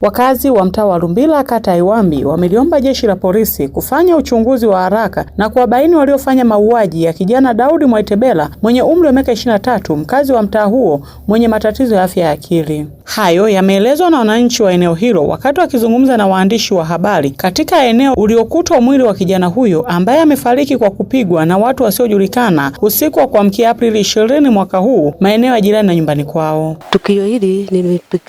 Wakazi wa mtaa wa Lumbila kata ya Iwambi wameliomba jeshi la polisi kufanya uchunguzi wa haraka na kuwabaini waliofanya mauaji ya kijana Daudi Mwaitebela mwenye umri wa miaka 23 mkazi wa mtaa huo mwenye matatizo ya afya ya akili. Hayo yameelezwa na wananchi wa eneo hilo wakati wakizungumza na waandishi wa habari katika eneo uliokutwa mwili wa kijana huyo ambaye amefariki kwa kupigwa na watu wasiojulikana usiku wa kuamkia Aprili 20 mwaka huu maeneo ya jirani na nyumbani kwao. Tukio hili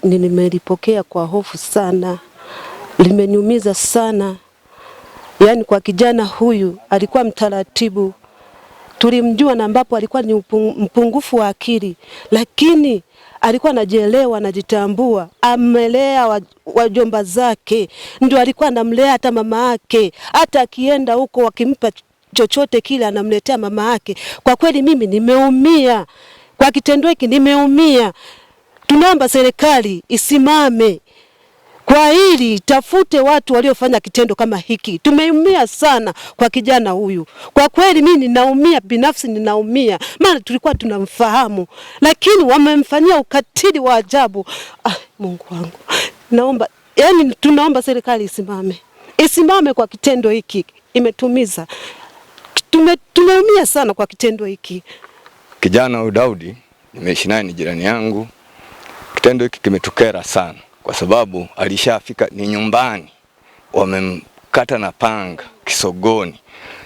nimelipokea kwa hofu sana, limeniumiza sana. Yaani kwa kijana huyu alikuwa mtaratibu, tulimjua na ambapo alikuwa ni mpungufu wa akili, lakini alikuwa anajielewa, anajitambua, amelea wajomba zake, ndio alikuwa anamlea hata mama yake. Hata akienda huko wakimpa chochote kile anamletea mama yake. Kwa kweli mimi nimeumia kwa kitendo hiki, nimeumia. Tunaomba serikali isimame kwa hili tafute watu waliofanya kitendo kama hiki. Tumeumia sana kwa kijana huyu, kwa kweli mimi ninaumia binafsi, ninaumia maana tulikuwa tunamfahamu, lakini wamemfanyia ukatili wa ajabu. Ah, Mungu wangu, naomba yani, tunaomba serikali isimame, isimame kwa kitendo hiki, imetumiza tume, tumeumia sana kwa kitendo hiki. Kijana huyu Daudi nimeishi naye, ni jirani yangu. Kitendo hiki kimetukera sana kwa sababu alishafika ni nyumbani, wamemkata na panga kisogoni.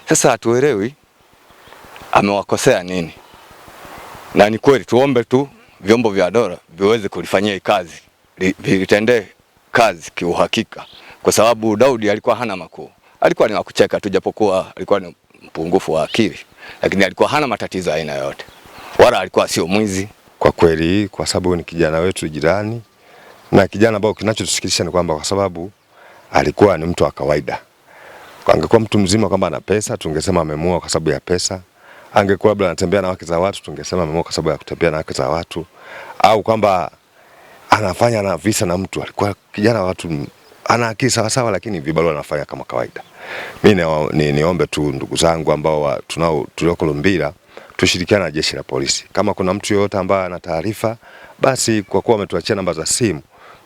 Sasa hatuelewi amewakosea nini, na ni kweli, tuombe tu vyombo vya dola viweze kulifanyia kazi, vilitendee kazi kiuhakika, kwa sababu Daudi alikuwa hana makuu, alikuwa ni wakucheka tu, japokuwa alikuwa ni mpungufu wa akili, lakini alikuwa hana matatizo aina yoyote, wala alikuwa sio mwizi. Kwa kweli, kwa sababu ni kijana wetu jirani na kijana ambao kinachotusikilisha ni kwamba kwa sababu alikuwa ni mtu wa kawaida. Angekuwa mtu mzima kwamba ana pesa, tungesema amemua kwa sababu ya pesa. Angekuwa labda anatembea na wake za watu, tungesema amemua kwa sababu ya kutembea na wake za watu, au kwamba anafanya na visa na mtu. Alikuwa kijana wa watu, ana akili sawa sawa, lakini vibarua anafanya kama kawaida. Mimi ni, niombe tu ndugu zangu ambao tunao tulioko Lumbira tushirikiane na jeshi la polisi. Kama kuna mtu yoyote ambaye ana taarifa, basi kwa kuwa ametuachia namba za simu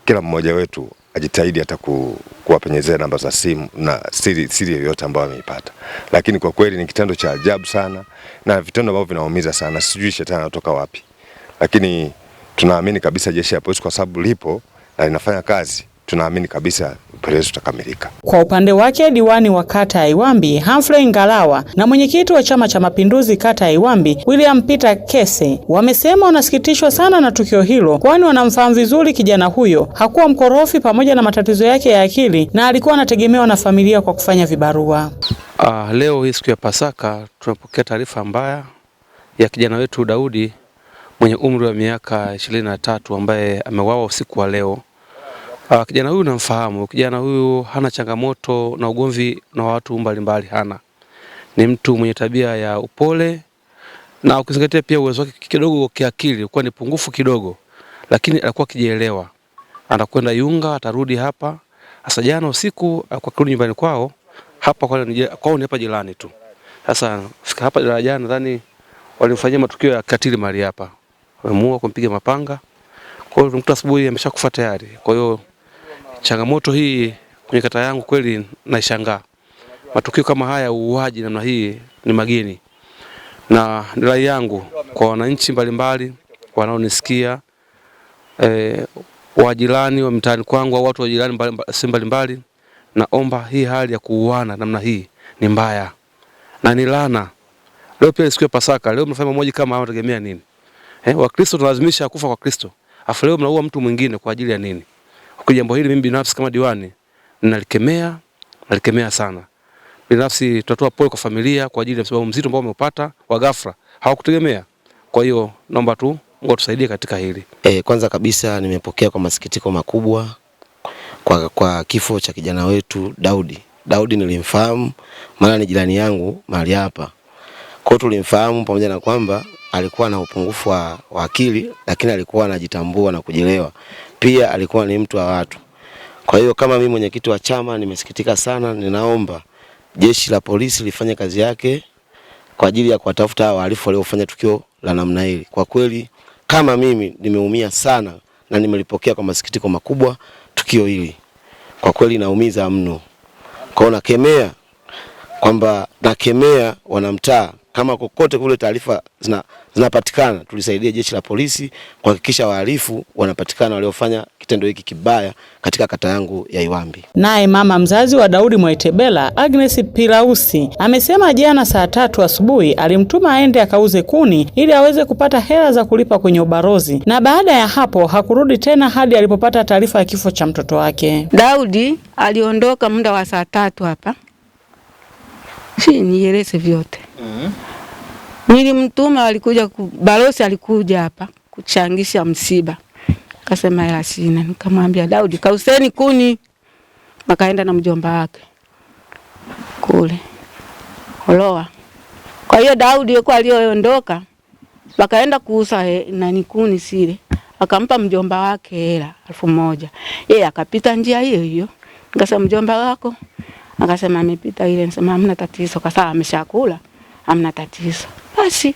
kila mmoja wetu ajitahidi hata ku, kuwapenyezea namba za simu na siri, siri yoyote ambayo ameipata, lakini kwa kweli ni kitendo cha ajabu sana na vitendo ambavyo vinaumiza sana. Sijui shetani anatoka wapi, lakini tunaamini kabisa jeshi la polisi kwa sababu lipo na linafanya kazi tunaamini kabisa upelelezi utakamilika. Kwa upande wake diwani wa kata ya Iwambi Humphrey Ngalawa na mwenyekiti wa Chama cha Mapinduzi kata ya Iwambi William Peter Kese wamesema wanasikitishwa sana na tukio hilo, kwani wanamfahamu vizuri kijana huyo. Hakuwa mkorofi pamoja na matatizo yake ya akili na alikuwa anategemewa na familia kwa kufanya vibarua. Ah, leo hii siku ya Pasaka tunapokea taarifa mbaya ya kijana wetu Daudi mwenye umri wa miaka ishirini na tatu ambaye ameuawa usiku wa leo. Uh, kijana huyu namfahamu. Kijana huyu hana changamoto na ugomvi na watu mbalimbali, mbali, hana. Ni mtu mwenye tabia ya upole na ukizingatia pia uwezo wake kidogo kiakili ulikuwa ni pungufu kidogo, lakini alikuwa kijielewa. Anakwenda Yunga, atarudi hapa. Sasa jana usiku ah, kwa kurudi nyumbani kwao hapa kwa kwao ni hapa jirani tu. Sasa fika hapa jana, nadhani walimfanyia matukio ya katili mali hapa, wamemuua kumpiga mapanga. Kwa hiyo tumkuta asubuhi ameshakufa tayari, kwa hiyo Changamoto hii kwenye kata yangu kweli naishangaa. Matukio kama haya, uuaji namna hii ni mageni, na rai yangu kwa wananchi mbalimbali wanaonisikia eh, wajirani wa mtaani kwangu au watu wa jirani sehemu mbalimbali, naomba hii hali ya kuuana namna hii ni mbaya na ni laana. Leo pia siku ya Pasaka, leo mnafanya mmoja kama haya, mnategemea nini? Eh, Wakristo tunalazimisha kufa kwa Kristo, afu leo mnaua mtu mwingine kwa ajili ya nini? Kwa jambo hili mimi binafsi kama diwani nalikemea, nalikemea sana. Binafsi tutatoa pole kwa familia kwa ajili ya msiba mzito ambao wameupata wa ghafla, hawakutegemea. Kwa hiyo naomba tu Mungu atusaidie katika hili. E, kwanza kabisa nimepokea kwa masikitiko makubwa kwa, kwa kifo cha kijana wetu Daudi. Daudi nilimfahamu maana ni jirani yangu mahali hapa. Kwa hiyo tulimfahamu pamoja na kwamba alikuwa na upungufu wa, wa akili lakini alikuwa anajitambua na kujielewa. Pia alikuwa ni mtu wa watu. Kwa hiyo kama mimi mwenyekiti wa chama nimesikitika sana, ninaomba jeshi la polisi lifanye kazi yake kwa ajili ya kuwatafuta wahalifu waliofanya tukio la namna hili. Kwa kweli kama mimi nimeumia sana na nimelipokea kwa masikitiko makubwa tukio hili. Kwa kweli naumiza mno. Kwa nakemea kwamba nakemea wanamtaa kama kokote kule taarifa zina zinapatikana, tulisaidia jeshi la polisi kuhakikisha wahalifu wanapatikana waliofanya kitendo hiki kibaya katika kata yangu ya Iwambi. Naye mama mzazi wa Daudi Mwaitebela, Agnes Pilausi, amesema jana saa tatu asubuhi alimtuma aende akauze kuni ili aweze kupata hela za kulipa kwenye ubarozi, na baada ya hapo hakurudi tena hadi alipopata taarifa ya kifo cha mtoto wake. Daudi aliondoka muda wa saa tatu hapa, si nieleze vyote Nili Nilimtuma, alikuja balozi, alikuja hapa kuchangisha msiba, kasema hela sina. Nikamwambia Daudi, kauseni kuni, makaenda na mjomba wake kule Oloa. Kwa hiyo Daudi yuko aliyoondoka, wakaenda kuusa he, nani kuni sile, akampa mjomba wake hela elfu moja yeye akapita njia hiyo hiyo. Nikasema mjomba wako, akasema amepita ile. Nisema hamna tatizo, kwa sababu ameshakula amna tatizo. Basi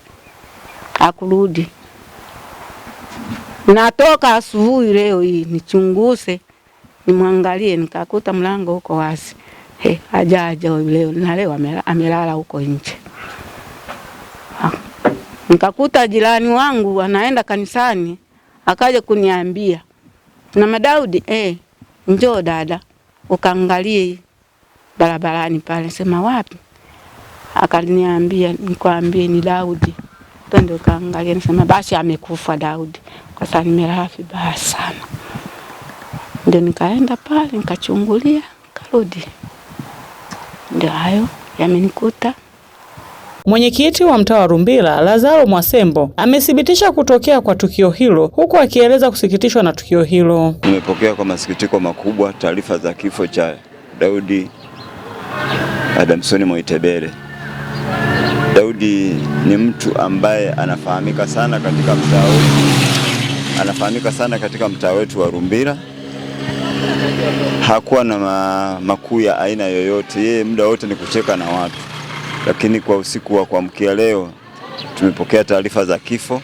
akurudi, natoka asubuhi leo hii nichunguse, nimwangalie, nikakuta mlango uko wazi. He, ajaja leo na leo amelala huko nje. Nikakuta jirani wangu anaenda kanisani, akaja kuniambia na Madaudi, eh, njoo dada ukaangalie barabarani pale. Sema wapi? akaniambia nikwambie ni Daudi. Pendo kaangalia nisema basi amekufa Daudi. Kwa sababu nimelaha vibaya sana. Ndio nikaenda pale nikachungulia, karudi. Ndio hayo yamenikuta. Mwenyekiti wa mtaa wa Rumbila, Lazaro Mwasembo amethibitisha kutokea kwa tukio hilo huku akieleza kusikitishwa na tukio hilo. Nimepokea kwa masikitiko makubwa taarifa za kifo cha Daudi Adamsoni mwaitebele Daudi ni mtu ambaye anafahamika sana katika mtaa wetu, anafahamika sana katika mtaa wetu wa Rumbira. Hakuwa na ma, makuu ya aina yoyote, yeye muda wote ni kucheka na watu. Lakini kwa usiku wa kuamkia leo tumepokea taarifa za kifo.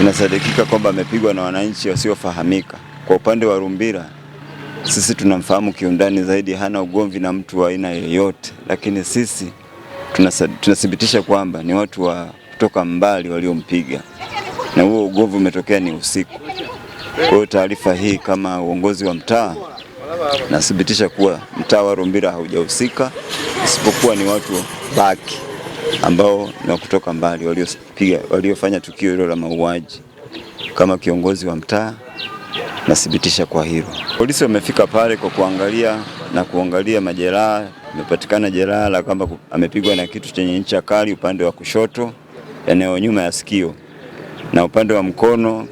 Inasadikika kwamba amepigwa na wananchi wasiofahamika. Kwa upande wa Rumbira sisi tunamfahamu kiundani zaidi, hana ugomvi na mtu wa aina yoyote, lakini sisi tunathibitisha kwamba ni watu wa kutoka mbali waliompiga, na huo ugovu umetokea ni usiku. Kwa hiyo taarifa hii kama uongozi wa mtaa nathibitisha kuwa mtaa wa Rumbila haujahusika, isipokuwa ni watu baki ambao ni wa kutoka mbali waliopiga, waliofanya tukio hilo la mauaji. Kama kiongozi wa mtaa nathibitisha kwa hilo. Polisi wamefika pale kwa kuangalia na kuangalia majeraha imepatikana jeraha la kwamba amepigwa na kitu chenye ncha kali upande wa kushoto, eneo nyuma ya sikio, na upande wa mkono,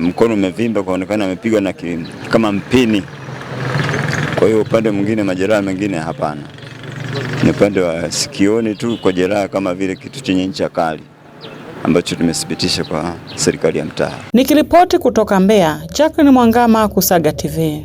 mkono umevimba kuonekana amepigwa na kama mpini. Kwa hiyo upande mwingine, majeraha mengine hapana, ni upande wa sikioni tu kwa jeraha kama vile kitu chenye ncha kali ambacho tumethibitisha kwa serikali ya mtaa. Nikiripoti kutoka Mbeya, Jacqueline Mwangama, Kusaga TV.